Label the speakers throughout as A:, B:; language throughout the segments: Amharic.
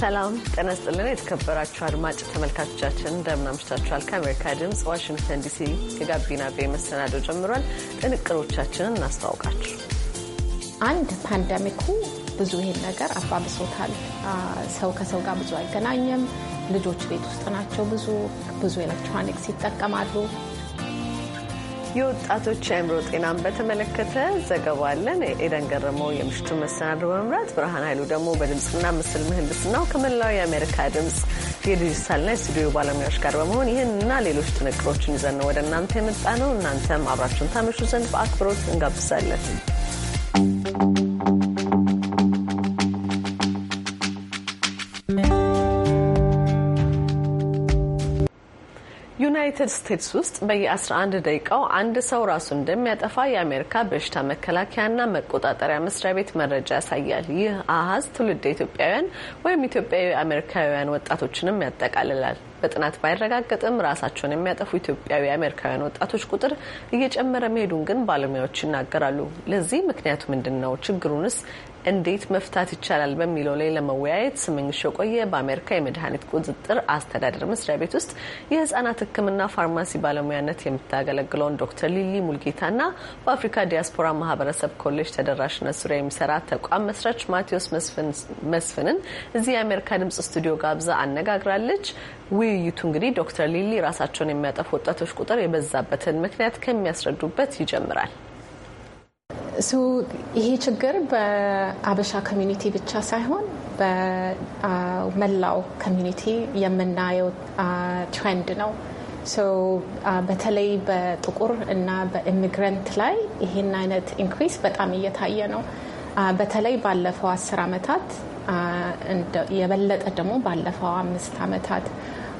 A: ሰላም ጤና ይስጥልን። የተከበራችሁ አድማጭ ተመልካቾቻችን እንደምን አምሽታችኋል? ከአሜሪካ ድምፅ ዋሽንግተን ዲሲ የጋቢና ቤ መሰናዶ ጀምሯል። ጥንቅሮቻችንን እናስተዋውቃችሁ።
B: አንድ ፓንደሚኩ ብዙ ይሄን ነገር አባብሶታል። ሰው ከሰው ጋር ብዙ አይገናኝም። ልጆች ቤት ውስጥ ናቸው። ብዙ ብዙ ኤሌክትሮኒክስ ይጠቀማሉ።
A: የወጣቶች አእምሮ ጤናን በተመለከተ ዘገባ አለን። ኤደን ገረመው የምሽቱን መሰናዶ በመምራት ብርሃን ኃይሉ ደግሞ በድምፅና ምስል ምህንድስናው ከመላው የአሜሪካ ድምፅ የዲጂታልና የስቱዲዮ ባለሙያዎች ጋር በመሆን ይህንና ሌሎች ጥንቅሮችን ይዘን ወደ እናንተ የመጣ ነው። እናንተም አብራችሁን ታመሹ ዘንድ በአክብሮት እንጋብዛለን። ዩናይትድ ስቴትስ ውስጥ በየ11 ደቂቃው አንድ ሰው ራሱን እንደሚያጠፋ የአሜሪካ በሽታ መከላከያና መቆጣጠሪያ መስሪያ ቤት መረጃ ያሳያል። ይህ አሀዝ ትውልድ ኢትዮጵያውያን ወይም ኢትዮጵያዊ አሜሪካውያን ወጣቶችንም ያጠቃልላል። በጥናት ባይረጋገጥም ራሳቸውን የሚያጠፉ ኢትዮጵያዊ አሜሪካውያን ወጣቶች ቁጥር እየጨመረ መሄዱን ግን ባለሙያዎች ይናገራሉ። ለዚህ ምክንያቱ ምንድን ነው? ችግሩንስ እንዴት መፍታት ይቻላል በሚለው ላይ ለመወያየት ስመኝሽ የቆየ በአሜሪካ የመድኃኒት ቁጥጥር አስተዳደር መስሪያ ቤት ውስጥ የህጻናት ህክምና ፋርማሲ ባለሙያነት የምታገለግለውን ዶክተር ሊሊ ሙልጌታና በአፍሪካ ዲያስፖራ ማህበረሰብ ኮሌጅ ተደራሽነት ዙሪያ የሚሰራ ተቋም መስራች ማቴዎስ መስፍንን እዚህ የአሜሪካ ድምጽ ስቱዲዮ ጋብዛ አነጋግራለች። ውይይቱ እንግዲህ ዶክተር ሊሊ ራሳቸውን የሚያጠፉ ወጣቶች ቁጥር የበዛበትን ምክንያት ከሚያስረዱበት ይጀምራል።
B: ይሄ ችግር በአበሻ ኮሚኒቲ ብቻ ሳይሆን በመላው ኮሚኒቲ የምናየው ትሬንድ ነው። በተለይ በጥቁር እና በኢሚግረንት ላይ ይሄን አይነት ኢንክሪስ በጣም እየታየ ነው። በተለይ ባለፈው አስር ዓመታት የበለጠ ደግሞ ባለፈው አምስት ዓመታት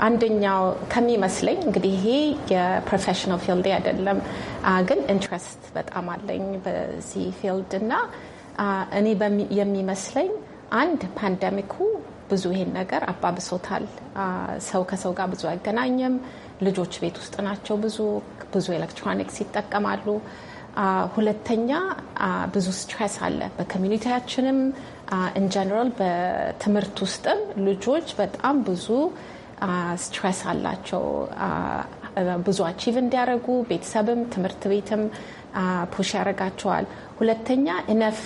B: አንደኛው ከሚመስለኝ እንግዲህ ይሄ የፕሮፌሽናል ፊልድ አይደለም፣ ግን ኢንትረስት በጣም አለኝ በዚህ ፊልድ እና እኔ የሚመስለኝ አንድ ፓንደሚኩ ብዙ ይሄን ነገር አባብሶታል። ሰው ከሰው ጋር ብዙ አይገናኝም። ልጆች ቤት ውስጥ ናቸው። ብዙ ብዙ ኤሌክትሮኒክስ ይጠቀማሉ። ሁለተኛ ብዙ ስትሬስ አለ በኮሚኒቲያችንም ኢንጀነራል በትምህርት ውስጥም ልጆች በጣም ብዙ ስትረስ አላቸው። ብዙ አቺቭ እንዲያደርጉ ቤተሰብም ትምህርት ቤትም ፑሽ ያደርጋቸዋል። ሁለተኛ እነፍ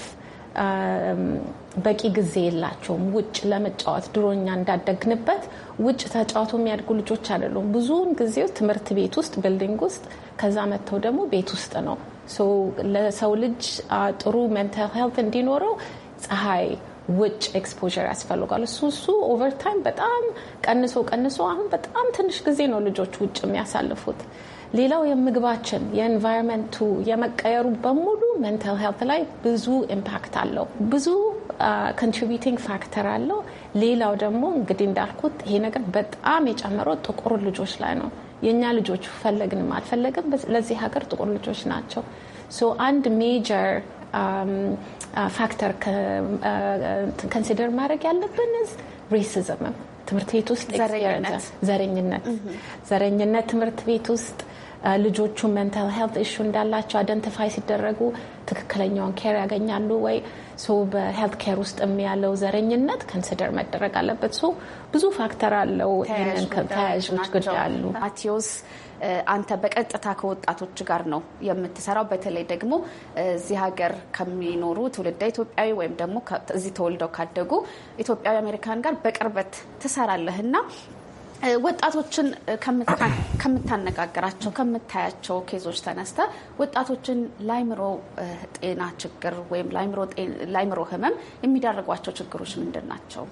B: በቂ ጊዜ የላቸውም ውጭ ለመጫወት። ድሮኛ እንዳደግንበት ውጭ ተጫወቶ የሚያድጉ ልጆች አይደሉም። ብዙውን ጊዜ ትምህርት ቤት ውስጥ ቢልዲንግ ውስጥ፣ ከዛ መጥተው ደግሞ ቤት ውስጥ ነው። ለሰው ልጅ ጥሩ ሜንታል ሄልት እንዲኖረው ፀሐይ ውጭ ኤክስፖዠር ያስፈልጓል። እሱ እሱ ኦቨርታይም በጣም ቀንሶ ቀንሶ አሁን በጣም ትንሽ ጊዜ ነው ልጆች ውጭ የሚያሳልፉት። ሌላው የምግባችን የኤንቫይሮንመንቱ የመቀየሩ በሙሉ ሜንታል ሄልት ላይ ብዙ ኢምፓክት አለው። ብዙ ኮንትሪቢቲንግ uh, ፋክተር አለው። ሌላው ደግሞ እንግዲህ እንዳልኩት ይሄ ነገር በጣም የጨመረው ጥቁር ልጆች ላይ ነው። የእኛ ልጆች ፈለግንም አልፈለግም ለዚህ ሀገር ጥቁር ልጆች ናቸው። ሶ አንድ ሜጀር ፋክተር um, ከንሲደር uh, uh, uh, ማድረግ ያለብን ሬሲዝምም ትምህርት ቤት ውስጥ ዘረኝነት ዘረኝነት ትምህርት ቤት ውስጥ ልጆቹ ሜንታል ሄልት ኢሹ እንዳላቸው አደንቲፋይ ሲደረጉ ትክክለኛውን ኬር ያገኛሉ ወይ? በሄልት ኬር ውስጥ ያለው ዘረኝነት ከንስደር መደረግ አለበት። ብዙ ፋክተር አለው። ይህንን ጉዳይ አሉ።
C: ማቴዎስ አንተ በቀጥታ ከወጣቶች ጋር ነው የምትሰራው። በተለይ ደግሞ እዚህ ሀገር ከሚኖሩ ትውልደ ኢትዮጵያዊ ወይም ደግሞ እዚህ ተወልደው ካደጉ ኢትዮጵያዊ አሜሪካን ጋር በቅርበት ትሰራለህ እና ወጣቶችን ከምታነጋግራቸው ከምታያቸው ኬዞች ተነስተ ወጣቶችን ለአይምሮ ጤና ችግር ወይም ለአይምሮ ህመም የሚዳርጓቸው ችግሮች ምንድን ናቸው?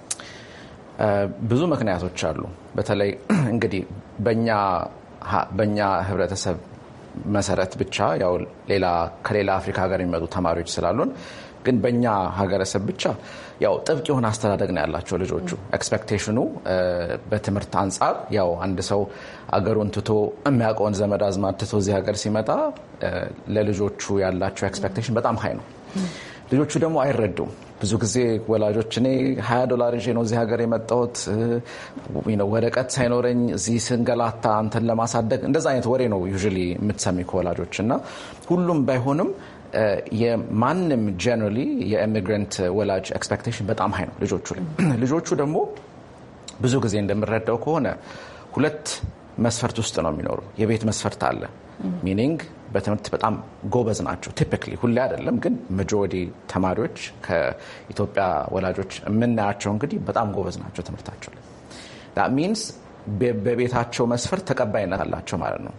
D: ብዙ ምክንያቶች አሉ። በተለይ እንግዲህ በእኛ ህብረተሰብ መሰረት ብቻ ያው ሌላ ከሌላ አፍሪካ ሀገር የሚመጡ ተማሪዎች ስላሉን ግን በእኛ ሀገረሰብ ብቻ ያው ጥብቅ የሆነ አስተዳደግ ነው ያላቸው ልጆቹ። ኤክስፔክቴሽኑ በትምህርት አንጻር ያው አንድ ሰው አገሩን ትቶ የሚያውቀውን ዘመድ አዝማድ ትቶ እዚህ ሀገር ሲመጣ ለልጆቹ ያላቸው ኤክስፔክቴሽን በጣም ሀይ ነው። ልጆቹ ደግሞ አይረዱም። ብዙ ጊዜ ወላጆች እኔ ሀያ ዶላር ይዤ ነው እዚህ ሀገር የመጣሁት ወረቀት ሳይኖረኝ እዚህ ስንገላታ አንተን ለማሳደግ እንደዛ አይነት ወሬ ነው ዩዥያሊ የምትሰሚ ከወላጆች እና ሁሉም ባይሆንም የማንም ጀነራሊ የኢሚግራንት ወላጅ ኤክስፔክቴሽን በጣም ሀይ ነው ልጆቹ ላይ። ልጆቹ ደግሞ ብዙ ጊዜ እንደምረዳው ከሆነ ሁለት መስፈርት ውስጥ ነው የሚኖሩ። የቤት መስፈርት አለ፣ ሚኒንግ በትምህርት በጣም ጎበዝ ናቸው። ቲፒክሊ ሁሌ አይደለም ግን መጆሪቲ ተማሪዎች ከኢትዮጵያ ወላጆች የምናያቸው እንግዲህ በጣም ጎበዝ ናቸው ትምህርታቸው ላይ። ሚንስ በቤታቸው መስፈርት ተቀባይነት አላቸው ማለት ነው።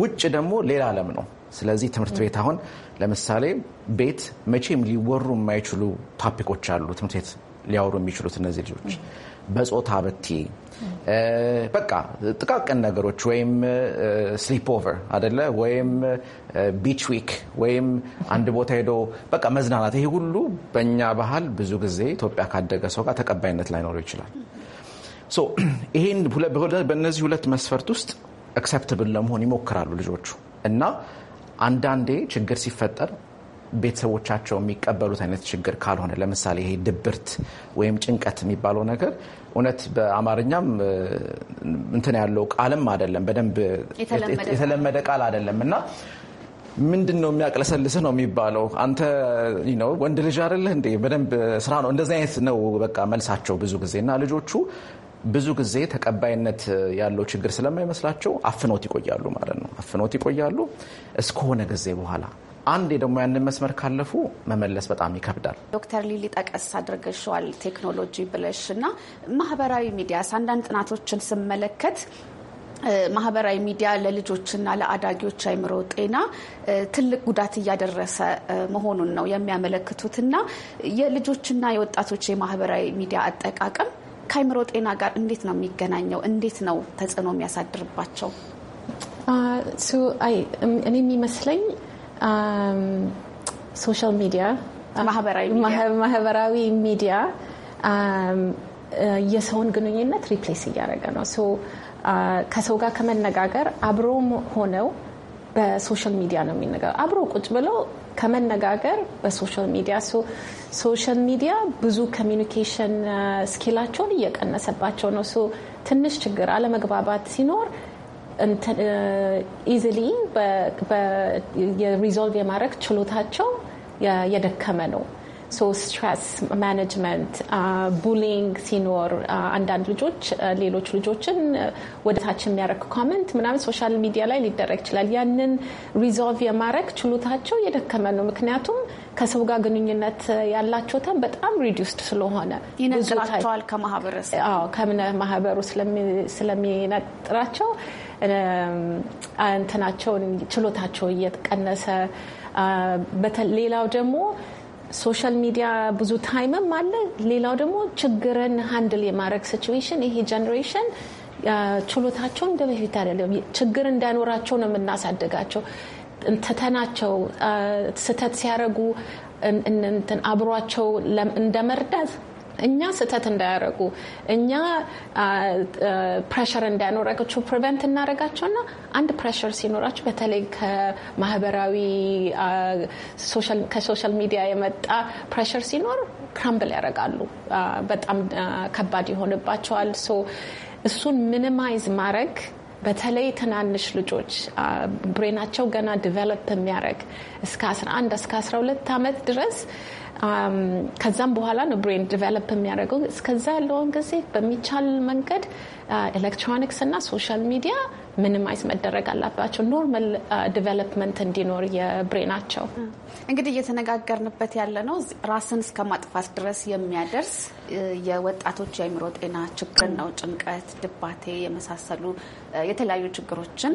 D: ውጭ ደግሞ ሌላ ዓለም ነው። ስለዚህ ትምህርት ቤት አሁን ለምሳሌ ቤት መቼም ሊወሩ የማይችሉ ታፒኮች አሉ። ትምህርት ቤት ሊያወሩ የሚችሉት እነዚህ ልጆች በጾታ በቴ በቃ ጥቃቅን ነገሮች ወይም ስሊፕ ኦቨር አደለ ወይም ቢች ዊክ ወይም አንድ ቦታ ሄዶ በቃ መዝናናት፣ ይሄ ሁሉ በእኛ ባህል ብዙ ጊዜ ኢትዮጵያ ካደገ ሰው ጋር ተቀባይነት ላይኖረው ይችላል። ይሄን በእነዚህ ሁለት መስፈርት ውስጥ አክሰፕተብል ለመሆን ይሞክራሉ ልጆቹ እና አንዳንዴ ችግር ሲፈጠር ቤተሰቦቻቸው የሚቀበሉት አይነት ችግር ካልሆነ ለምሳሌ ይሄ ድብርት ወይም ጭንቀት የሚባለው ነገር እውነት በአማርኛም እንትን ያለው ቃልም አይደለም፣ በደንብ የተለመደ ቃል አይደለም እና ምንድን ነው የሚያቅለሰልስ ነው የሚባለው? አንተ ወንድ ልጅ አይደለህ እንዴ? በደንብ ስራ ነው እንደዚህ አይነት ነው በቃ መልሳቸው ብዙ ጊዜ እና ልጆቹ ብዙ ጊዜ ተቀባይነት ያለው ችግር ስለማይመስላቸው አፍኖት ይቆያሉ ማለት ነው። አፍኖት ይቆያሉ እስከሆነ ጊዜ በኋላ አንዴ ደግሞ ያንን መስመር ካለፉ መመለስ በጣም ይከብዳል።
C: ዶክተር ሊሊ ጠቀስ አድርገሸዋል ቴክኖሎጂ ብለሽ እና ማህበራዊ ሚዲያስ አንዳንድ ጥናቶችን ስመለከት ማህበራዊ ሚዲያ ለልጆችና ለአዳጊዎች አይምሮ ጤና ትልቅ ጉዳት እያደረሰ መሆኑን ነው የሚያመለክቱት እና የልጆችና የወጣቶች የማህበራዊ ሚዲያ አጠቃቀም ከአይምሮ ጤና ጋር እንዴት ነው የሚገናኘው? እንዴት ነው ተጽዕኖ የሚያሳድርባቸው?
B: Uh, um, እኔ የሚመስለኝ ሶሻል um, uh, ሚዲያ ማህበራዊ ሚዲያ um, uh, የሰውን ግንኙነት ሪፕሌስ እያደረገ ነው። ከሰው ጋር ከመነጋገር አብሮም ሆነው በሶሻል ሚዲያ ነው የሚነጋገር አብሮ ቁጭ ብለው ከመነጋገር በሶሻል ሚዲያ ሶሻል ሚዲያ ብዙ ኮሚኒኬሽን ስኪላቸውን እየቀነሰባቸው ነው። ትንሽ ችግር አለመግባባት ሲኖር ኢዚሊ የሪዞልቭ የማድረግ ችሎታቸው የደከመ ነው። ሶ ስትረስ ማኔጅመንት ቡሊንግ ሲኖር አንዳንድ ልጆች ሌሎች ልጆችን ወደ ታች የሚያደርግ ኮመንት ምናምን ሶሻል ሚዲያ ላይ ሊደረግ ይችላል። ያንን ሪዞልቭ የማድረግ ችሎታቸው እየደከመ ነው። ምክንያቱም ከሰው ጋር ግንኙነት ያላቸው ታም በጣም ሪዲስድ ስለሆነ ይነጥላቸዋል ከማህበረሰብ ከምነ ማህበሩ ስለሚነጥራቸው እንትናቸውን ችሎታቸው እየቀነሰ ሌላው ደግሞ ሶሻል ሚዲያ ብዙ ታይምም አለ። ሌላው ደግሞ ችግርን ሀንድል የማድረግ ሲትዌሽን ይሄ ጀኔሬሽን ችሎታቸውን እንደ በፊት አይደለም። ችግር እንዳይኖራቸው ነው የምናሳድጋቸው። ትተናቸው ስህተት ሲያደርጉ አብሯቸው እንደመርዳት እኛ ስህተት እንዳያደረጉ እኛ ፕሬሽር እንዳያኖራቸው ፕሪቨንት ና አንድ ፕሬሽር ሲኖራቸው በተለይ ከማህበራዊ ከሶሻል ሚዲያ የመጣ ፕሬሽር ሲኖር ክራምብል ያደርጋሉ። በጣም ከባድ ይሆንባቸዋል። እሱን ሚኒማይዝ ማድረግ በተለይ ትናንሽ ልጆች ብሬናቸው ገና ዲቨሎፕ የሚያደርግ እስከ 11 እስከ 12 ዓመት ድረስ ከዛም በኋላ ነው ብሬን ዲቨሎፕ የሚያደርገው። እስከዛ ያለውን ጊዜ በሚቻል መንገድ ኤሌክትሮኒክስ እና ሶሻል ሚዲያ ምኒማይዝ መደረግ አላባቸው ኖርማል ዲቨሎፕመንት uh, እንዲኖር የብሬናቸው።
C: እንግዲህ እየተነጋገርንበት ያለ ነው ራስን እስከ ማጥፋት ድረስ የሚያደርስ የወጣቶች የአይምሮ ጤና ችግር ነው። ጭንቀት፣ ድባቴ የመሳሰሉ የተለያዩ ችግሮችን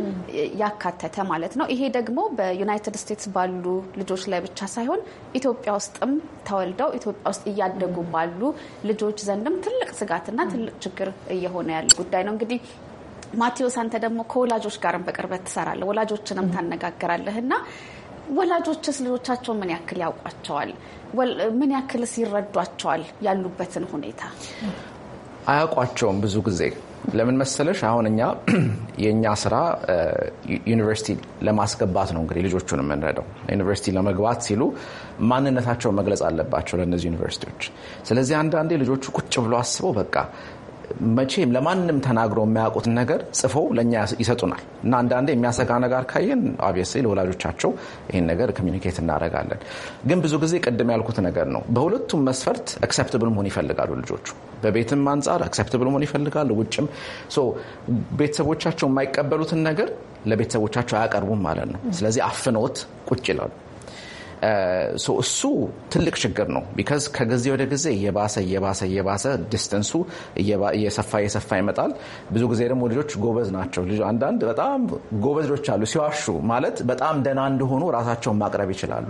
C: ያካተተ ማለት ነው። ይሄ ደግሞ በዩናይትድ ስቴትስ ባሉ ልጆች ላይ ብቻ ሳይሆን ኢትዮጵያ ውስጥም ተወልደው ኢትዮጵያ ውስጥ እያደጉ ባሉ ልጆች ዘንድም ትልቅ ስጋትና ትልቅ ችግር እየሆነ ያለ ጉዳይ ነው እንግዲህ ማቴዎስ አንተ ደግሞ ከወላጆች ጋርም በቅርበት ትሰራለህ፣ ወላጆችንም ታነጋግራለህ እና ወላጆችስ ልጆቻቸው ምን ያክል ያውቋቸዋል? ምን ያክልስ ይረዷቸዋል? ያሉበትን ሁኔታ
D: አያውቋቸውም። ብዙ ጊዜ ለምን መሰለሽ፣ አሁን እኛ የእኛ ስራ ዩኒቨርሲቲ ለማስገባት ነው። እንግዲህ ልጆቹን የምንረዳው ዩኒቨርሲቲ ለመግባት ሲሉ ማንነታቸውን መግለጽ አለባቸው ለእነዚህ ዩኒቨርሲቲዎች። ስለዚህ አንዳንዴ ልጆቹ ቁጭ ብሎ አስበው በቃ መቼም ለማንም ተናግሮ የሚያውቁትን ነገር ጽፎው ለእኛ ይሰጡናል እና አንዳንዴ የሚያሰጋ ነገር ካየን አብስ ለወላጆቻቸው ይህን ነገር ኮሚኒኬት እናደርጋለን። ግን ብዙ ጊዜ ቅድም ያልኩት ነገር ነው። በሁለቱም መስፈርት አክሰፕትብል መሆን ይፈልጋሉ ልጆቹ። በቤትም አንጻር አክሰፕትብል መሆን ይፈልጋሉ፣ ውጭም። ቤተሰቦቻቸው የማይቀበሉትን ነገር ለቤተሰቦቻቸው አያቀርቡም ማለት ነው። ስለዚህ አፍኖት ቁጭ ይላሉ። እሱ ትልቅ ችግር ነው። ቢካዝ ከጊዜ ወደ ጊዜ እየባሰ እየባሰ እየባሰ ዲስተንሱ እየሰፋ እየሰፋ ይመጣል። ብዙ ጊዜ ደግሞ ልጆች ጎበዝ ናቸው። አንዳንድ በጣም ጎበዝ ልጆች አሉ። ሲዋሹ ማለት በጣም ደህና እንደሆኑ ራሳቸውን ማቅረብ ይችላሉ።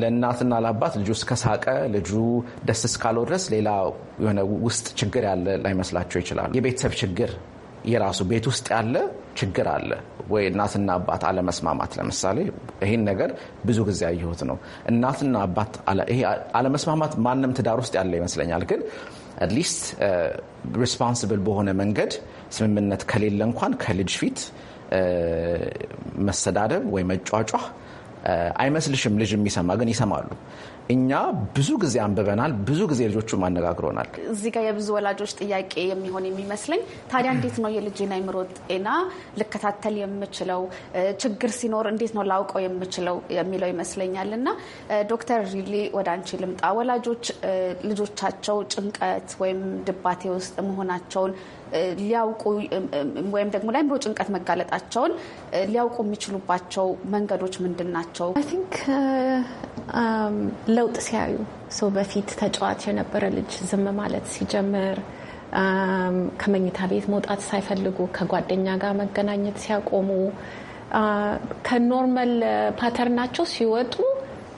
D: ለእናትና ለአባት ልጁ እስከሳቀ ልጁ ደስ እስካለው ድረስ ሌላ የሆነ ውስጥ ችግር ያለ ላይመስላቸው ይችላሉ። የቤተሰብ ችግር የራሱ ቤት ውስጥ ያለ ችግር አለ ወይ እናትና አባት አለመስማማት። ለምሳሌ ይህን ነገር ብዙ ጊዜ ያየሁት ነው። እናትና አባት አለመስማማት ማንም ትዳር ውስጥ ያለ ይመስለኛል። ግን አትሊስት ሪስፖንስብል uh, በሆነ መንገድ ስምምነት ከሌለ እንኳን ከልጅ ፊት uh, መሰዳደብ ወይ መጫጫህ አይመስልሽም ልጅ የሚሰማ ግን ይሰማሉ። እኛ ብዙ ጊዜ አንብበናል፣ ብዙ ጊዜ ልጆቹም አነጋግሮናል።
C: እዚህ ጋር የብዙ ወላጆች ጥያቄ የሚሆን የሚመስለኝ ታዲያ እንዴት ነው የልጅን አይምሮ ጤና ልከታተል የምችለው? ችግር ሲኖር እንዴት ነው ላውቀው የምችለው የሚለው ይመስለኛል። እና ዶክተር ሪሊ ወደ አንቺ ልምጣ። ወላጆች ልጆቻቸው ጭንቀት ወይም ድባቴ ውስጥ መሆናቸውን ሊያውቁ ወይም ደግሞ ለአእምሮ ጭንቀት መጋለጣቸውን ሊያውቁ የሚችሉባቸው መንገዶች ምንድን ናቸው? አይ ቲንክ
B: ለውጥ ሲያዩ ሰው በፊት ተጫዋች የነበረ ልጅ ዝም ማለት ሲጀምር፣ ከመኝታ ቤት መውጣት ሳይፈልጉ ከጓደኛ ጋር መገናኘት ሲያቆሙ፣ ከኖርማል ፓተርናቸው ሲወጡ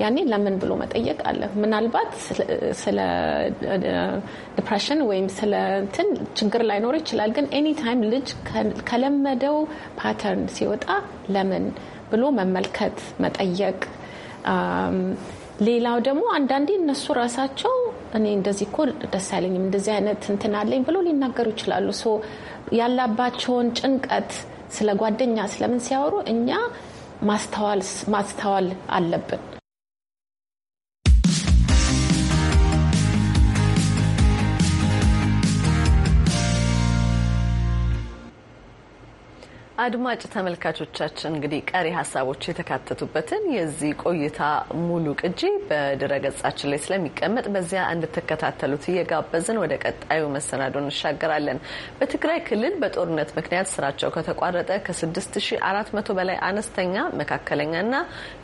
B: ያኔ ለምን ብሎ መጠየቅ አለ። ምናልባት ስለ ዲፕሬሽን ወይም ስለ እንትን ችግር ላይኖር ይችላል። ግን ኤኒ ታይም ልጅ ከለመደው ፓተርን ሲወጣ ለምን ብሎ መመልከት፣ መጠየቅ። ሌላው ደግሞ አንዳንዴ እነሱ ራሳቸው እኔ እንደዚህ እኮ ደስ አይለኝም እንደዚህ አይነት እንትን አለኝ ብሎ ሊናገሩ ይችላሉ። ሶ ያላባቸውን ጭንቀት ስለ ጓደኛ ስለምን ሲያወሩ እኛ ማስተዋል አለብን።
A: አድማጭ ተመልካቾቻችን እንግዲህ ቀሪ ሀሳቦች የተካተቱበትን የዚህ ቆይታ ሙሉ ቅጂ በድረ ገጻችን ላይ ስለሚቀመጥ በዚያ እንድትከታተሉት እየጋበዝን ወደ ቀጣዩ መሰናዶ እንሻገራለን። በትግራይ ክልል በጦርነት ምክንያት ስራቸው ከተቋረጠ ከ6400 በላይ አነስተኛ፣ መካከለኛና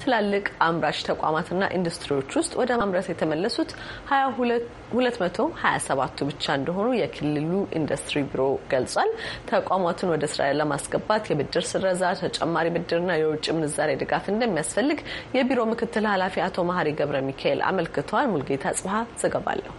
A: ትላልቅ አምራች ተቋማትና ኢንዱስትሪዎች ውስጥ ወደ ማምረት የተመለሱት 227ቱ ብቻ እንደሆኑ የክልሉ ኢንዱስትሪ ቢሮ ገልጿል። ተቋማቱን ወደ ስራ ለማስገባት የብድር ስረዛ፣ ተጨማሪ ብድርና የውጭ ምንዛሬ ድጋፍ እንደሚያስፈልግ የቢሮ ምክትል ኃላፊ አቶ መሀሪ ገብረ ሚካኤል አመልክተዋል። ሙልጌታ ጽብሀ ዘገባለሁ።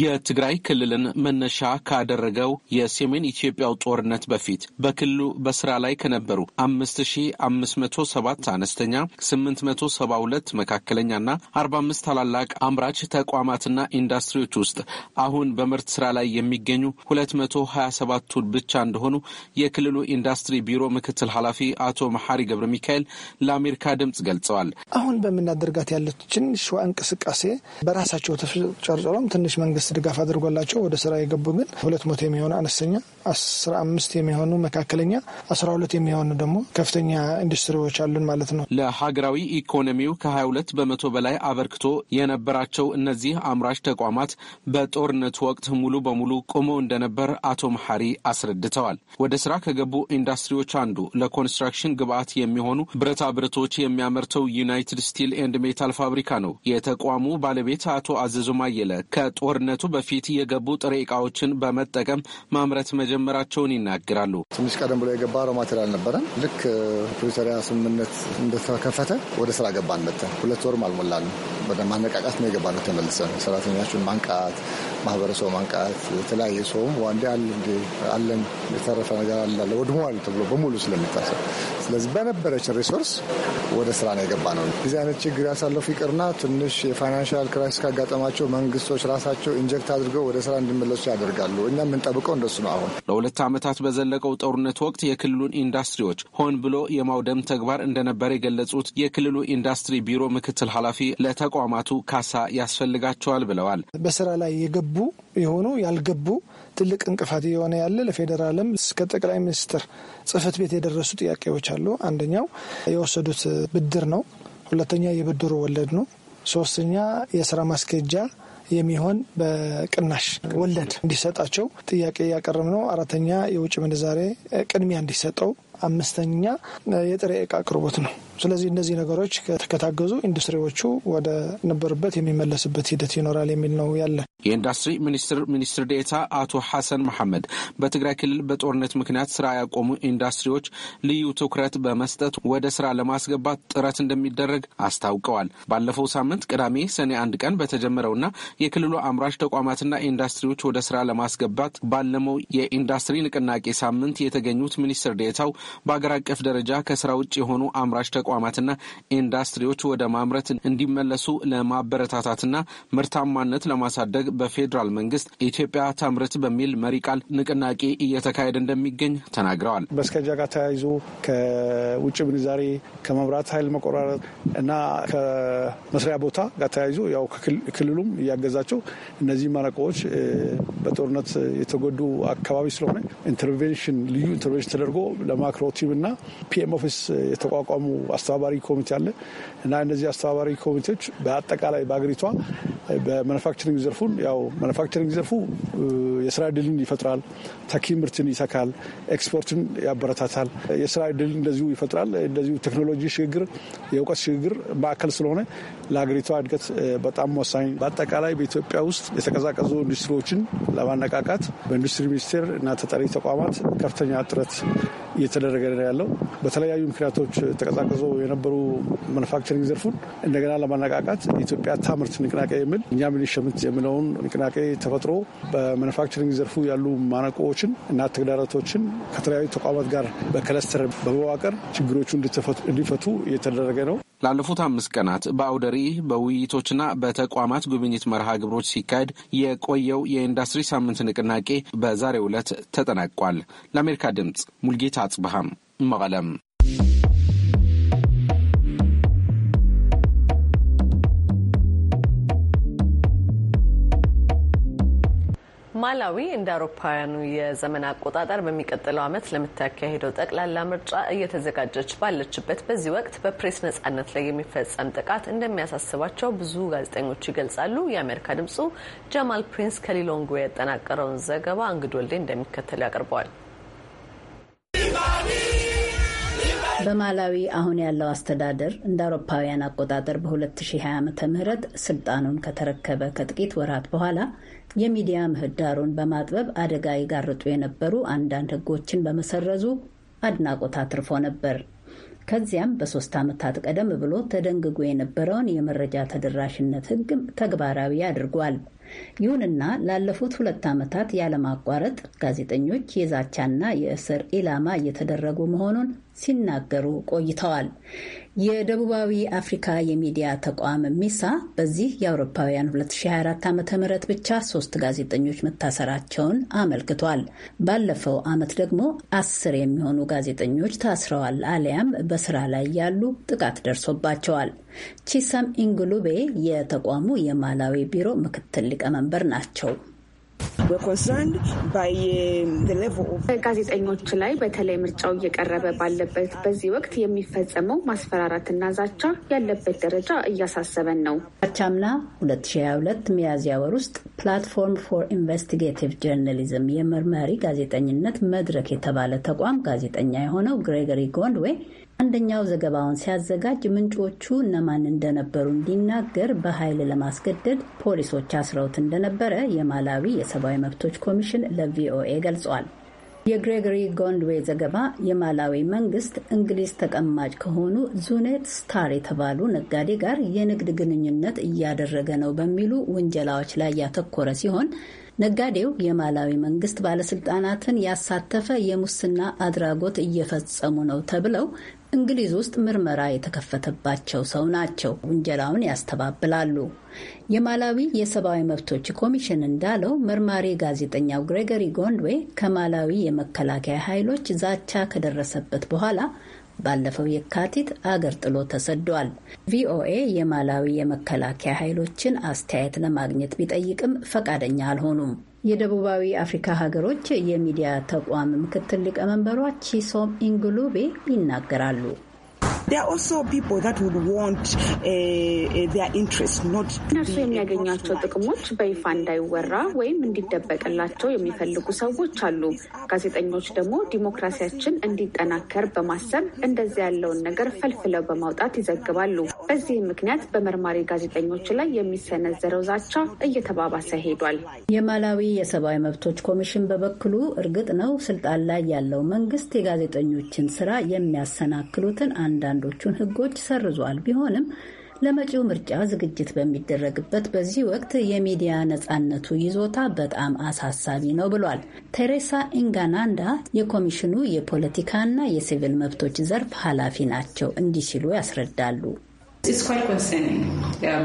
E: የትግራይ ክልልን መነሻ ካደረገው የሰሜን ኢትዮጵያው ጦርነት በፊት በክልሉ በስራ ላይ ከነበሩ 5507 አነስተኛ፣ 872 መካከለኛና 45 ታላላቅ አምራች ተቋማትና ኢንዱስትሪዎች ውስጥ አሁን በምርት ስራ ላይ የሚገኙ 227ቱ ብቻ እንደሆኑ የክልሉ ኢንዱስትሪ ቢሮ ምክትል ኃላፊ አቶ መሐሪ ገብረ ሚካኤል ለአሜሪካ ድምጽ ገልጸዋል።
F: አሁን በምናደርጋት ያለችን ሸዋ እንቅስቃሴ በራሳቸው ተጨርጨሮም ትንሽ መንግስት መንግስት ድጋፍ አድርጎላቸው ወደ ስራ የገቡ ግን ሁለት መቶ የሚሆኑ አነስተኛ፣ አስራ አምስት የሚሆኑ መካከለኛ፣ አስራ ሁለት የሚሆኑ ደግሞ ከፍተኛ ኢንዱስትሪዎች አሉን ማለት ነው።
E: ለሀገራዊ ኢኮኖሚው ከ22 በመቶ በላይ አበርክቶ የነበራቸው እነዚህ አምራች ተቋማት በጦርነቱ ወቅት ሙሉ በሙሉ ቆመው እንደነበር አቶ መሐሪ አስረድተዋል። ወደ ስራ ከገቡ ኢንዱስትሪዎች አንዱ ለኮንስትራክሽን ግብአት የሚሆኑ ብረታ ብረቶች የሚያመርተው ዩናይትድ ስቲል ኤንድ ሜታል ፋብሪካ ነው። የተቋሙ ባለቤት አቶ አዘዞ ማየለ ከጦርነ ከመገኘቱ በፊት የገቡ ጥሬ እቃዎችን በመጠቀም ማምረት መጀመራቸውን ይናገራሉ። ትንሽ ቀደም ብሎ የገባ ሮ ማቴሪያል ነበረን።
F: ልክ uh, ፕሪቶሪያ ስምምነት እንደተከፈተ ወደ ስራ ገባን። መጥተን ሁለት ወርም አልሞላንም። ወደ ማነቃቃት ነው የገባ ነው። ተመልሰን ሰራተኛችን ማንቃት፣ ማህበረሰቡ ማንቃት፣ የተለያየ ሰውም ዋንዴ አለ እንዲ አለን የተረፈ ነገር አለ ወድሟል ተብሎ በሙሉ ስለሚታሰብ ስለዚህ በነበረች ሪሶርስ ወደ ስራ ነው የገባ ነው። ጊዜ አይነት ችግር ያሳለፉ ይቅርና ትንሽ የፋይናንሽል ክራይስ ካጋጠማቸው መንግስቶች ራሳቸው ኢንጀክት አድርገው ወደ ስራ እንዲመለሱ ያደርጋሉ። እኛ የምንጠብቀው እንደሱ ነው። አሁን
E: ለሁለት ዓመታት በዘለቀው ጦርነት ወቅት የክልሉን ኢንዱስትሪዎች ሆን ብሎ የማውደም ተግባር እንደነበር የገለጹት የክልሉ ኢንዱስትሪ ቢሮ ምክትል ኃላፊ ለተቋማቱ ካሳ ያስፈልጋቸዋል ብለዋል።
F: በስራ ላይ የገቡ የሆኑ ያልገቡ ትልቅ እንቅፋት የሆነ ያለ ለፌዴራልም እስከ ጠቅላይ ሚኒስትር ጽህፈት ቤት የደረሱ ጥያቄዎች አሉ። አንደኛው የወሰዱት ብድር ነው። ሁለተኛ የብድሩ ወለድ ነው። ሶስተኛ የስራ ማስኬጃ የሚሆን በቅናሽ ወለድ እንዲሰጣቸው ጥያቄ ያቀረብነው። አራተኛ የውጭ ምንዛሬ ቅድሚያ እንዲሰጠው አምስተኛ የጥሬ እቃ አቅርቦት ነው። ስለዚህ እነዚህ ነገሮች ከታገዙ ኢንዱስትሪዎቹ ወደ ነበሩበት የሚመለስበት ሂደት ይኖራል የሚል ነው ያለ።
E: የኢንዱስትሪ ሚኒስትር ሚኒስትር ዴኤታ አቶ ሐሰን መሐመድ በትግራይ ክልል በጦርነት ምክንያት ስራ ያቆሙ ኢንዱስትሪዎች ልዩ ትኩረት በመስጠት ወደ ስራ ለማስገባት ጥረት እንደሚደረግ አስታውቀዋል። ባለፈው ሳምንት ቅዳሜ ሰኔ አንድ ቀን በተጀመረውና የክልሉ አምራች ተቋማትና ኢንዱስትሪዎች ወደ ስራ ለማስገባት ባለመው የኢንዱስትሪ ንቅናቄ ሳምንት የተገኙት ሚኒስትር ዴኤታው በአገር አቀፍ ደረጃ ከስራ ውጭ የሆኑ አምራች ተቋማትና ኢንዱስትሪዎች ወደ ማምረት እንዲመለሱ ለማበረታታትና ምርታማነት ለማሳደግ በፌዴራል መንግስት ኢትዮጵያ ታምርት በሚል መሪ ቃል ንቅናቄ እየተካሄደ እንደሚገኝ ተናግረዋል።
G: በስከጃ ጋር ተያይዞ ከውጭ ምንዛሬ፣ ከመብራት ኃይል መቆራረጥ እና ከመስሪያ ቦታ ጋር ተያይዞ ያው ክልሉም እያገዛቸው እነዚህ ማነቆዎች በጦርነት የተጎዱ አካባቢ ስለሆነ ኢንተርቬንሽን ልዩ ኢንተርቬንሽን ተደርጎ ለማክ ማይክሮቺፕ እና ፒኤም ኦፊስ የተቋቋሙ አስተባባሪ ኮሚቴ አለ እና እነዚህ አስተባባሪ ኮሚቴዎች በአጠቃላይ በአገሪቷ በማኑፋክቸሪንግ ዘርፉን ያው ማኑፋክቸሪንግ ዘርፉ የስራ እድልን ይፈጥራል፣ ተኪ ምርትን ይተካል፣ ኤክስፖርትን ያበረታታል፣ የስራ እድል እንደዚሁ ይፈጥራል። እንደዚሁ ቴክኖሎጂ ሽግግር፣ የእውቀት ሽግግር ማዕከል ስለሆነ ለሀገሪቷ እድገት በጣም ወሳኝ። በአጠቃላይ በኢትዮጵያ ውስጥ የተቀዛቀዙ ኢንዱስትሪዎችን ለማነቃቃት በኢንዱስትሪ ሚኒስቴር እና ተጠሪ ተቋማት ከፍተኛ ጥረት እየተደ እየተደረገ ነው ያለው። በተለያዩ ምክንያቶች ተቀዛቅዞ የነበሩ ማኑፋክቸሪንግ ዘርፉን እንደገና ለማነቃቃት ኢትዮጵያ ታምርት ንቅናቄ የሚል እኛም ልሸምት የሚለውን ንቅናቄ ተፈጥሮ በማኑፋክቸሪንግ ዘርፉ ያሉ ማነቆዎችን እና ተግዳሮቶችን ከተለያዩ ተቋማት ጋር በክለስተር በመዋቀር ችግሮቹ እንዲፈቱ እየተደረገ ነው።
E: ላለፉት አምስት ቀናት በአውደ ርዕይ በውይይቶችና በተቋማት ጉብኝት መርሃ ግብሮች ሲካሄድ የቆየው የኢንዱስትሪ ሳምንት ንቅናቄ በዛሬው ዕለት ተጠናቋል። ለአሜሪካ ድምፅ ሙልጌታ አጽብሃም መቀለም
A: ማላዊ እንደ አውሮፓውያኑ የዘመን አቆጣጠር በሚቀጥለው ዓመት ለምታካሄደው ጠቅላላ ምርጫ እየተዘጋጀች ባለችበት በዚህ ወቅት በፕሬስ ነጻነት ላይ የሚፈጸም ጥቃት እንደሚያሳስባቸው ብዙ ጋዜጠኞች ይገልጻሉ። የአሜሪካ ድምጹ ጀማል ፕሪንስ ከሊሎንጎ ያጠናቀረውን ዘገባ እንግድ ወልዴ እንደሚከተለው ያቀርበዋል።
H: በማላዊ አሁን ያለው አስተዳደር እንደ አውሮፓውያን አቆጣጠር በ2020 ዓ ም ስልጣኑን ከተረከበ ከጥቂት ወራት በኋላ የሚዲያ ምህዳሩን በማጥበብ አደጋ ይጋርጡ የነበሩ አንዳንድ ህጎችን በመሰረዙ አድናቆት አትርፎ ነበር። ከዚያም በሶስት ዓመታት ቀደም ብሎ ተደንግጎ የነበረውን የመረጃ ተደራሽነት ህግም ተግባራዊ አድርጓል። ይሁንና ላለፉት ሁለት ዓመታት ያለማቋረጥ ጋዜጠኞች የዛቻና የእስር ኢላማ እየተደረጉ መሆኑን ሲናገሩ ቆይተዋል። የደቡባዊ አፍሪካ የሚዲያ ተቋም ሚሳ በዚህ የአውሮፓውያን 2024 ዓ ም ብቻ ሶስት ጋዜጠኞች መታሰራቸውን አመልክቷል። ባለፈው ዓመት ደግሞ አስር የሚሆኑ ጋዜጠኞች ታስረዋል አሊያም በስራ ላይ ያሉ ጥቃት ደርሶባቸዋል። ቺሳም ኢንግሉቤ የተቋሙ የማላዊ ቢሮ ምክትል ሊቀመንበር ናቸው። Um,
C: ጋዜጠኞች ላይ በተለይ ምርጫው እየቀረበ ባለበት በዚህ ወቅት የሚፈጸመው ማስፈራራትና ዛቻ ያለበት ደረጃ እያሳሰበን ነው።
H: አቻምና 2022 ሚያዝያ ወር ውስጥ ፕላትፎርም ፎር ኢንቨስቲጌቲቭ ጀርናሊዝም የመርማሪ ጋዜጠኝነት መድረክ የተባለ ተቋም ጋዜጠኛ የሆነው ግሬገሪ ጎንድዌ አንደኛው ዘገባውን ሲያዘጋጅ ምንጮቹ እነማን እንደነበሩ እንዲናገር በኃይል ለማስገደድ ፖሊሶች አስረውት እንደነበረ የማላዊ የሰብአዊ መብቶች ኮሚሽን ለቪኦኤ ገልጿል። የግሬጎሪ ጎንድዌ ዘገባ የማላዊ መንግስት እንግሊዝ ተቀማጭ ከሆኑ ዙኔት ስታር የተባሉ ነጋዴ ጋር የንግድ ግንኙነት እያደረገ ነው በሚሉ ውንጀላዎች ላይ ያተኮረ ሲሆን ነጋዴው የማላዊ መንግስት ባለስልጣናትን ያሳተፈ የሙስና አድራጎት እየፈጸሙ ነው ተብለው እንግሊዝ ውስጥ ምርመራ የተከፈተባቸው ሰው ናቸው። ውንጀላውን ያስተባብላሉ። የማላዊ የሰብአዊ መብቶች ኮሚሽን እንዳለው መርማሪ ጋዜጠኛው ግሬገሪ ጎንድዌ ከማላዊ የመከላከያ ኃይሎች ዛቻ ከደረሰበት በኋላ ባለፈው የካቲት አገር ጥሎ ተሰዷል። ቪኦኤ የማላዊ የመከላከያ ኃይሎችን አስተያየት ለማግኘት ቢጠይቅም ፈቃደኛ አልሆኑም። የደቡባዊ አፍሪካ ሀገሮች የሚዲያ ተቋም ምክትል ሊቀመንበሯ ቺሶም ኢንግሉቤ ይናገራሉ።
I: there are also people that would want uh, uh, their interests
C: not እነርሱ የሚያገኟቸው ጥቅሞች በይፋ እንዳይወራ ወይም እንዲደበቅላቸው የሚፈልጉ ሰዎች አሉ። ጋዜጠኞች ደግሞ ዲሞክራሲያችን እንዲጠናከር በማሰብ እንደዚህ ያለውን ነገር ፈልፍለው በማውጣት ይዘግባሉ። በዚህም ምክንያት በመርማሪ ጋዜጠኞች ላይ የሚሰነዘረው ዛቻ እየተባባሰ ሄዷል።
H: የማላዊ የሰብአዊ መብቶች ኮሚሽን በበኩሉ እርግጥ ነው ስልጣን ላይ ያለው መንግስት የጋዜጠኞችን ስራ የሚያሰናክሉትን አንዳንድ አንዳንዶቹን ህጎች ሰርዟል። ቢሆንም ለመጪው ምርጫ ዝግጅት በሚደረግበት በዚህ ወቅት የሚዲያ ነፃነቱ ይዞታ በጣም አሳሳቢ ነው ብሏል። ቴሬሳ ኢንጋናንዳ የኮሚሽኑ የፖለቲካና የሲቪል መብቶች ዘርፍ ኃላፊ ናቸው። እንዲህ ሲሉ ያስረዳሉ።
C: Um,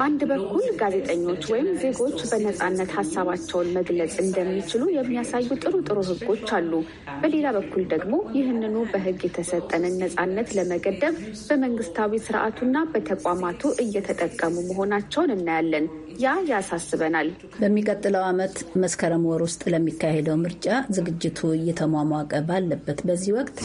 C: በአንድ በኩል ጋዜጠኞች ወይም ዜጎች በነጻነት ሀሳባቸውን መግለጽ እንደሚችሉ የሚያሳዩ ጥሩ ጥሩ ህጎች አሉ። በሌላ በኩል ደግሞ ይህንኑ በህግ የተሰጠንን ነጻነት ለመገደብ በመንግስታዊ ስርዓቱና በተቋማቱ እየተጠቀሙ መሆናቸውን እናያለን። ያ ያሳስበናል።
H: በሚቀጥለው ዓመት መስከረም ወር ውስጥ ለሚካሄደው ምርጫ ዝግጅቱ እየተሟሟቀ ባለበት በዚህ ወቅት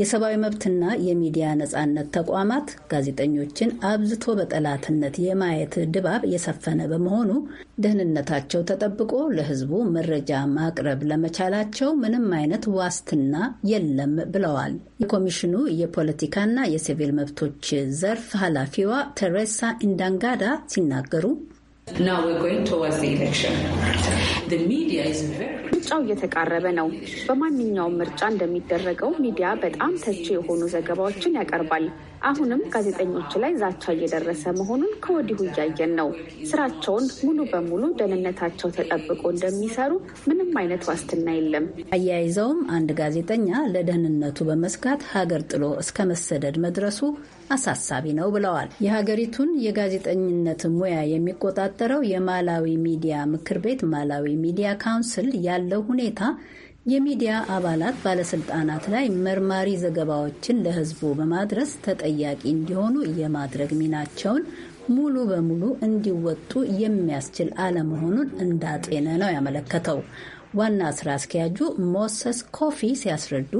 H: የሰብአዊ መብትና የሚዲያ ነጻነት ተቋማት ጋዜጠኞችን አብዝቶ በጠላትነት የማየት ድባብ የሰፈነ በመሆኑ ደህንነታቸው ተጠብቆ ለሕዝቡ መረጃ ማቅረብ ለመቻላቸው ምንም አይነት ዋስትና የለም ብለዋል። የኮሚሽኑ የፖለቲካና የሲቪል መብቶች ዘርፍ ኃላፊዋ ተሬሳ ኢንዳንጋዳ ሲናገሩ
C: ምርጫው እየተቃረበ ነው። በማንኛውም ምርጫ እንደሚደረገው ሚዲያ በጣም ተቺ የሆኑ ዘገባዎችን ያቀርባል። አሁንም ጋዜጠኞች ላይ ዛቻ እየደረሰ መሆኑን ከወዲሁ እያየን ነው። ስራቸውን ሙሉ በሙሉ ደህንነታቸው
H: ተጠብቆ እንደሚሰሩ ምንም አይነት ዋስትና የለም። አያይዘውም አንድ ጋዜጠኛ ለደህንነቱ በመስጋት ሀገር ጥሎ እስከ መሰደድ መድረሱ አሳሳቢ ነው ብለዋል። የሀገሪቱን የጋዜጠኝነት ሙያ የሚቆጣጠረው የማላዊ ሚዲያ ምክር ቤት ማላዊ ሚዲያ ካውንስል ያለው ሁኔታ የሚዲያ አባላት ባለስልጣናት ላይ መርማሪ ዘገባዎችን ለሕዝቡ በማድረስ ተጠያቂ እንዲሆኑ የማድረግ ሚናቸውን ሙሉ በሙሉ እንዲወጡ የሚያስችል አለመሆኑን እንዳጤነ ነው ያመለከተው። ዋና ስራ አስኪያጁ ሞሰስ ኮፊ ሲያስረዱ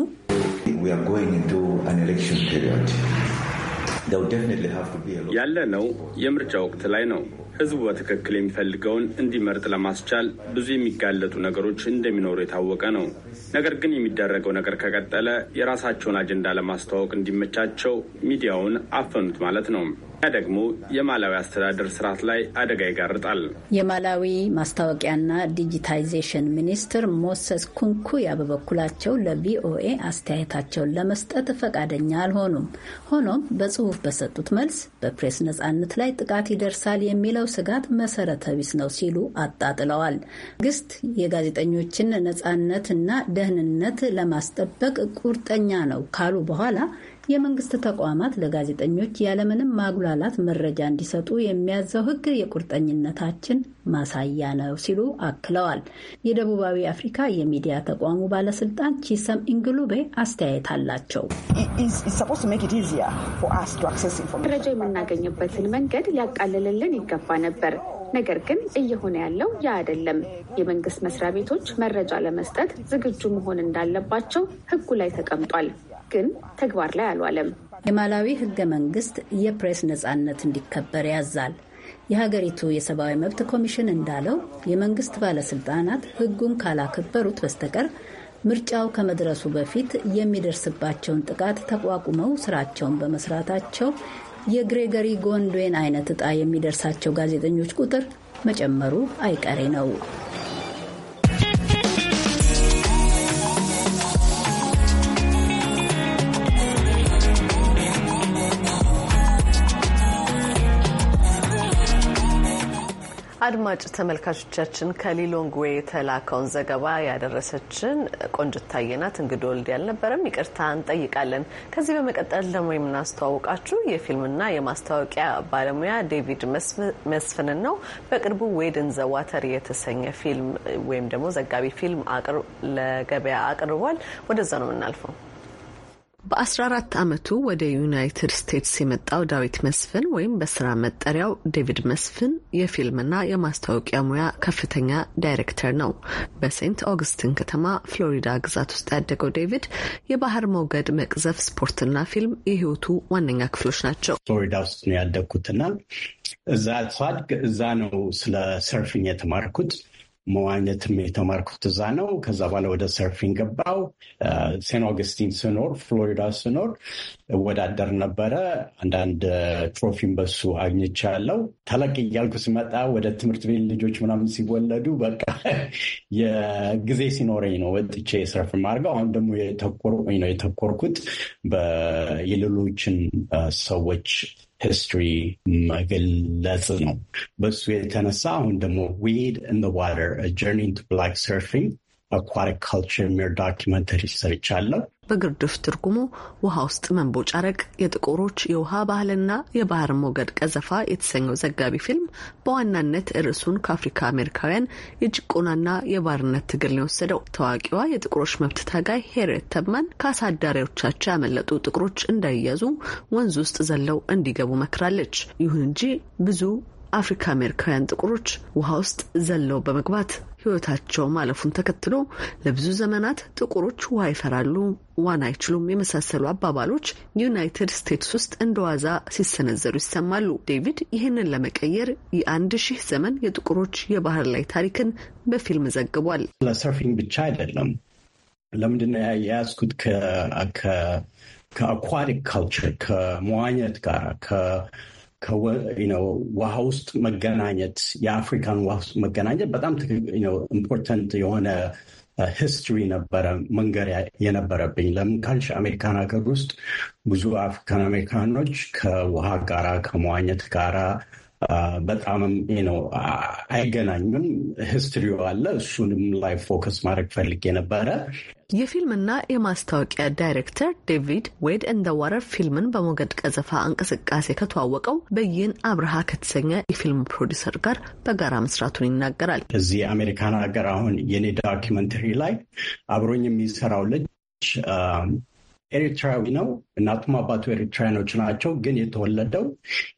I: ያለ ነው የምርጫ ወቅት ላይ ነው። ህዝቡ በትክክል የሚፈልገውን እንዲመርጥ ለማስቻል ብዙ የሚጋለጡ ነገሮች እንደሚኖሩ የታወቀ ነው። ነገር ግን የሚደረገው ነገር ከቀጠለ የራሳቸውን አጀንዳ ለማስተዋወቅ እንዲመቻቸው ሚዲያውን አፈኑት ማለት ነው። ያ ደግሞ የማላዊ አስተዳደር ስርዓት ላይ አደጋ ይጋርጣል።
H: የማላዊ ማስታወቂያና ዲጂታይዜሽን ሚኒስትር ሞሰስ ኩንኩያ በበኩላቸው ለቪኦኤ አስተያየታቸውን ለመስጠት ፈቃደኛ አልሆኑም። ሆኖም በጽሁፍ በሰጡት መልስ በፕሬስ ነጻነት ላይ ጥቃት ይደርሳል የሚለው ያለው ስጋት መሰረተ ቢስ ነው ሲሉ አጣጥለዋል። መንግስት የጋዜጠኞችን ነጻነትና ደህንነት ለማስጠበቅ ቁርጠኛ ነው ካሉ በኋላ የመንግስት ተቋማት ለጋዜጠኞች ያለምንም ማጉላላት መረጃ እንዲሰጡ የሚያዘው ህግ የቁርጠኝነታችን ማሳያ ነው ሲሉ አክለዋል። የደቡባዊ አፍሪካ የሚዲያ ተቋሙ ባለስልጣን ቺሰም ኢንግሉቤ አስተያየት አላቸው። መረጃ
C: የምናገኝበትን መንገድ ሊያቃልልልን ይገባ ነበር። ነገር ግን እየሆነ ያለው ያ አይደለም። የመንግስት መስሪያ ቤቶች መረጃ ለመስጠት ዝግጁ መሆን እንዳለባቸው ህጉ
H: ላይ ተቀምጧል። ግን ተግባር ላይ አልዋለም። የማላዊ ህገ መንግስት የፕሬስ ነጻነት እንዲከበር ያዛል። የሀገሪቱ የሰብአዊ መብት ኮሚሽን እንዳለው የመንግስት ባለስልጣናት ህጉን ካላከበሩት በስተቀር ምርጫው ከመድረሱ በፊት የሚደርስባቸውን ጥቃት ተቋቁመው ስራቸውን በመስራታቸው የግሬገሪ ጎንዶዌን አይነት እጣ የሚደርሳቸው ጋዜጠኞች ቁጥር መጨመሩ አይቀሬ ነው።
A: አድማጭ ተመልካቾቻችን ከሊሎንግዌ የተላከውን ዘገባ ያደረሰችን ቆንጅታዬ ናት። እንግዶ ወልድ ያልነበረም ይቅርታ እንጠይቃለን። ከዚህ በመቀጠል ደግሞ የምናስተዋውቃችሁ የፊልምና የማስታወቂያ ባለሙያ ዴቪድ መስፍንን ነው። በቅርቡ ዌድን ዘዋተር የተሰኘ ፊልም ወይም ደግሞ ዘጋቢ ፊልም ለገበያ አቅርቧል። ወደዛ ነው የምናልፈው። በ14 ዓመቱ ወደ ዩናይትድ ስቴትስ የመጣው ዳዊት መስፍን ወይም በስራ መጠሪያው ዴቪድ መስፍን የፊልምና የማስታወቂያ ሙያ ከፍተኛ ዳይሬክተር ነው። በሴንት ኦግስትን ከተማ ፍሎሪዳ ግዛት ውስጥ ያደገው ዴቪድ የባህር ሞገድ መቅዘፍ ስፖርትና
I: ፊልም የህይወቱ ዋነኛ ክፍሎች ናቸው። ፍሎሪዳ ውስጥ ነው ያደግኩትና እዛ እዛ ነው ስለ ሰርፍኝ የተማርኩት መዋኘትም የተማርኩት እዛ ነው። ከዛ በኋላ ወደ ሰርፊን ገባው። ሴን ኦገስቲን ስኖር፣ ፍሎሪዳ ስኖር እወዳደር ነበረ። አንዳንድ ትሮፊን በሱ አግኝቻለሁ። ተለቅ እያልኩ ስመጣ ወደ ትምህርት ቤት ልጆች ምናምን ሲወለዱ በቃ የጊዜ ሲኖረኝ ነው ወጥቼ የሰርፍ ማድረገው። አሁን ደግሞ የተኮርኩት በየሌሎችን ሰዎች history But magellan. بس ويتنساهم دمو weed in the water a journey into black surfing አኳሪክ ካልቸር የሚር ዶኪመንተሪ ሰርቻለሁ።
A: በግርድፍ ትርጉሙ ውሃ ውስጥ መንቦጫረቅ የጥቁሮች የውሃ ባህልና የባህር ሞገድ ቀዘፋ የተሰኘው ዘጋቢ ፊልም በዋናነት ርዕሱን ከአፍሪካ አሜሪካውያን የጭቆናና የባርነት ትግል ነው የወሰደው። ታዋቂዋ የጥቁሮች መብት ታጋይ ሄሬት ተብማን ከአሳዳሪዎቻቸው ያመለጡ ጥቁሮች እንዳይያዙ ወንዝ ውስጥ ዘለው እንዲገቡ መክራለች። ይሁን እንጂ ብዙ አፍሪካ አሜሪካውያን ጥቁሮች ውሃ ውስጥ ዘለው በመግባት ሕይወታቸው ማለፉን ተከትሎ ለብዙ ዘመናት ጥቁሮች ውሃ ይፈራሉ፣ ዋና አይችሉም የመሳሰሉ አባባሎች ዩናይትድ ስቴትስ ውስጥ እንደ ዋዛ ሲሰነዘሩ ይሰማሉ። ዴቪድ ይህንን ለመቀየር የአንድ ሺህ ዘመን የጥቁሮች የባህር ላይ ታሪክን
I: በፊልም ዘግቧል። ለሰርፊንግ ብቻ አይደለም። ለምንድነው የያዝኩት ከአኳቲክ ካልቸር ከመዋኘት ጋር ውሃ ውስጥ መገናኘት የአፍሪካን ውሃ ውስጥ መገናኘት በጣም ኢምፖርተንት የሆነ ሂስትሪ uh, ነበረ መንገድ የነበረብኝ። ለምን ካልሽ አሜሪካን ሀገር ውስጥ ብዙ አፍሪካን አሜሪካኖች ከውሃ ጋራ ከመዋኘት ጋራ በጣምም ነው አይገናኙም። ሂስትሪው አለ። እሱንም ላይ ፎከስ ማድረግ ፈልጌ ነበረ።
A: የፊልምና የማስታወቂያ ዳይሬክተር ዴቪድ ዌድ እንደ ዋረር ፊልምን በሞገድ ቀዘፋ እንቅስቃሴ ከተዋወቀው
I: በይን አብርሃ ከተሰኘ የፊልም ፕሮዲሰር ጋር በጋራ መስራቱን ይናገራል። እዚህ የአሜሪካን ሀገር አሁን የኔ ዳኪመንተሪ ላይ አብሮኝ የሚሰራው ልጅ ኤሪትራዊ ነው። እናቱም አባቱ ኤሪትራያኖች ናቸው። ግን የተወለደው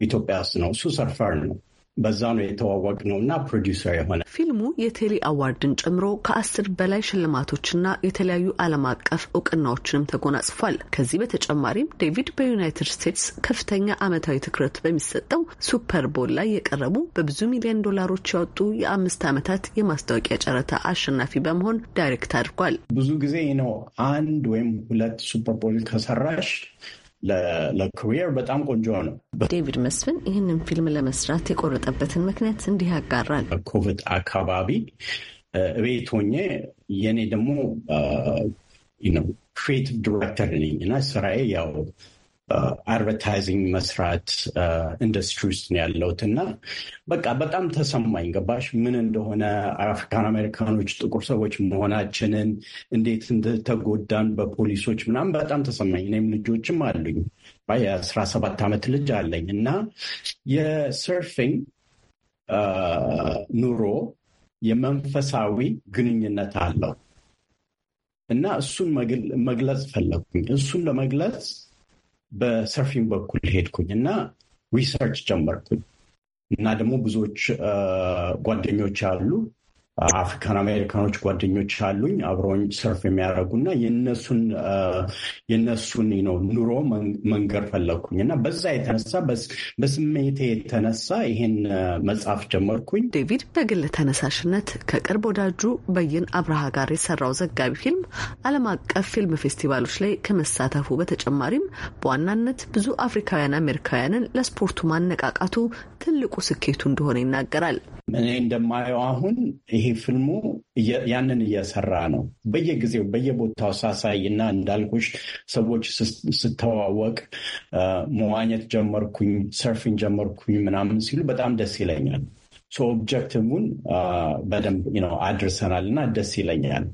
I: ኢትዮጵያ ውስጥ ነው። እሱ ሰርፈር ነው። በዛ ነው የተዋወቅ ነው እና ፕሮዲውሰር የሆነ ፊልሙ
A: የቴሌ አዋርድን ጨምሮ ከአስር በላይ ሽልማቶችና የተለያዩ ዓለም አቀፍ እውቅናዎችንም ተጎናጽፏል። ከዚህ በተጨማሪም ዴቪድ በዩናይትድ ስቴትስ ከፍተኛ ዓመታዊ ትኩረት በሚሰጠው ሱፐር ቦል ላይ የቀረቡ በብዙ ሚሊዮን ዶላሮች ያወጡ የአምስት ዓመታት
I: የማስታወቂያ ጨረታ አሸናፊ በመሆን ዳይሬክት አድርጓል። ብዙ ጊዜ ነው አንድ ወይም ሁለት ሱፐር ቦል ከሰራሽ ለኮሪየር በጣም ቆንጆ ነው። ዴቪድ መስፍን ይህንን ፊልም ለመስራት የቆረጠበትን ምክንያት እንዲህ ያጋራል። ኮቪድ አካባቢ እቤት ሆኜ የእኔ ደግሞ ክሬቲቭ ዲሬክተር ነኝ እና ስራዬ ያው አድቨርታይዚንግ መስራት ኢንዱስትሪ ውስጥ ነው ያለሁት እና በቃ በጣም ተሰማኝ። ገባሽ ምን እንደሆነ አፍሪካን አሜሪካኖች ጥቁር ሰዎች መሆናችንን እንዴት እንደተጎዳን በፖሊሶች ምናምን በጣም ተሰማኝ። እኔም ልጆችም አሉኝ የአስራ ሰባት ዓመት ልጅ አለኝ እና የሰርፊንግ ኑሮ የመንፈሳዊ ግንኙነት አለው እና እሱን መግለጽ ፈለጉኝ እሱን ለመግለጽ በሰርፊንግ በኩል ሄድኩኝ እና ሪሰርች ጀመርኩኝ እና ደግሞ ብዙዎች ጓደኞች አሉ አፍሪካን አሜሪካኖች ጓደኞች አሉኝ አብረውኝ ሰርፍ የሚያደርጉ እና የነሱን የነሱን ነው ኑሮ መንገድ ፈለግኩኝ እና በዛ የተነሳ በስሜቴ የተነሳ ይሄን መጽሐፍ ጀመርኩኝ። ዴቪድ በግል ተነሳሽነት
A: ከቅርብ ወዳጁ በይን አብርሃ ጋር የሰራው ዘጋቢ ፊልም ዓለም አቀፍ ፊልም ፌስቲቫሎች ላይ ከመሳተፉ በተጨማሪም በዋናነት ብዙ አፍሪካውያን አሜሪካውያንን ለስፖርቱ
I: ማነቃቃቱ ትልቁ ስኬቱ እንደሆነ ይናገራል። እኔ እንደማየው አሁን ይሄ ፊልሙ ያንን እየሰራ ነው። በየጊዜው በየቦታው ሳሳይ ና እንዳልኩሽ ሰዎች ስተዋወቅ መዋኘት ጀመርኩኝ፣ ሰርፊን ጀመርኩኝ ምናምን ሲሉ በጣም ደስ ይለኛል። ኦብጀክቲቭን በደንብ አድርሰናል እና ደስ ይለኛል።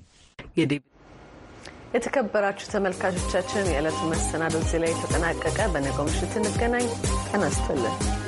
A: የተከበራችሁ ተመልካቾቻችን የዕለቱ መሰናዶ እዚህ ላይ የተጠናቀቀ። በነገው ምሽት እንገናኝ። ጤና